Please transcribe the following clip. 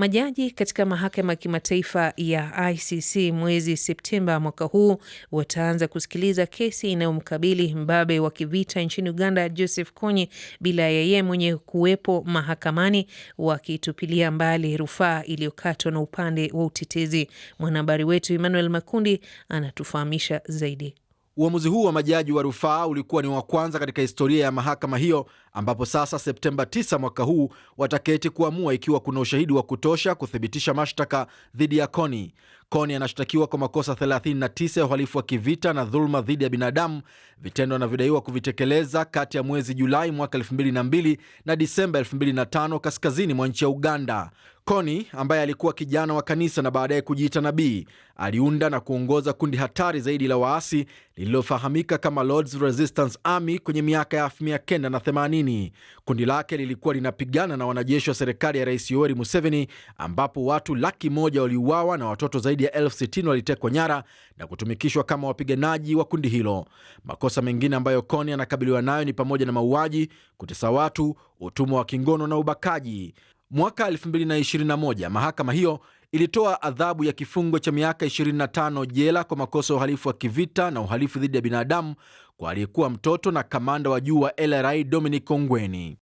Majaji katika mahakama ya kimataifa ya ICC mwezi Septemba mwaka huu wataanza kusikiliza kesi inayomkabili mbabe wa kivita nchini Uganda Joseph Kony bila yeye mwenye kuwepo mahakamani, wakitupilia mbali rufaa iliyokatwa na upande wa utetezi. Mwanahabari wetu Emmanuel Makundi anatufahamisha zaidi. Uamuzi huu wa majaji wa rufaa ulikuwa ni wa kwanza katika historia ya mahakama hiyo ambapo sasa Septemba 9 mwaka huu wataketi kuamua ikiwa kuna ushahidi wa kutosha kuthibitisha mashtaka dhidi ya Koni. Koni anashtakiwa kwa makosa 39 ya uhalifu wa kivita na dhuluma dhidi ya binadamu, vitendo anavyodaiwa kuvitekeleza kati ya mwezi Julai mwaka 2002 na Disemba 2005 kaskazini mwa nchi ya Uganda. Koni ambaye alikuwa kijana wa kanisa na baadaye kujiita nabii, aliunda na kuongoza kundi hatari zaidi la waasi lililofahamika kama Lord's Resistance Army kwenye miaka ya 1980. Amini. Kundi lake lilikuwa linapigana na wanajeshi wa serikali ya Rais Yoweri Museveni, ambapo watu laki moja waliuawa na watoto zaidi ya elfu sitini walitekwa nyara na kutumikishwa kama wapiganaji wa kundi hilo. Makosa mengine ambayo Kony anakabiliwa nayo ni pamoja na mauaji, kutesa watu, utumwa wa kingono na ubakaji. Mwaka 2021 mahakama hiyo ilitoa adhabu ya kifungo cha miaka 25 jela kwa makosa ya uhalifu wa kivita na uhalifu dhidi ya binadamu kwa aliyekuwa mtoto na kamanda wa juu wa LRA Dominic ongweni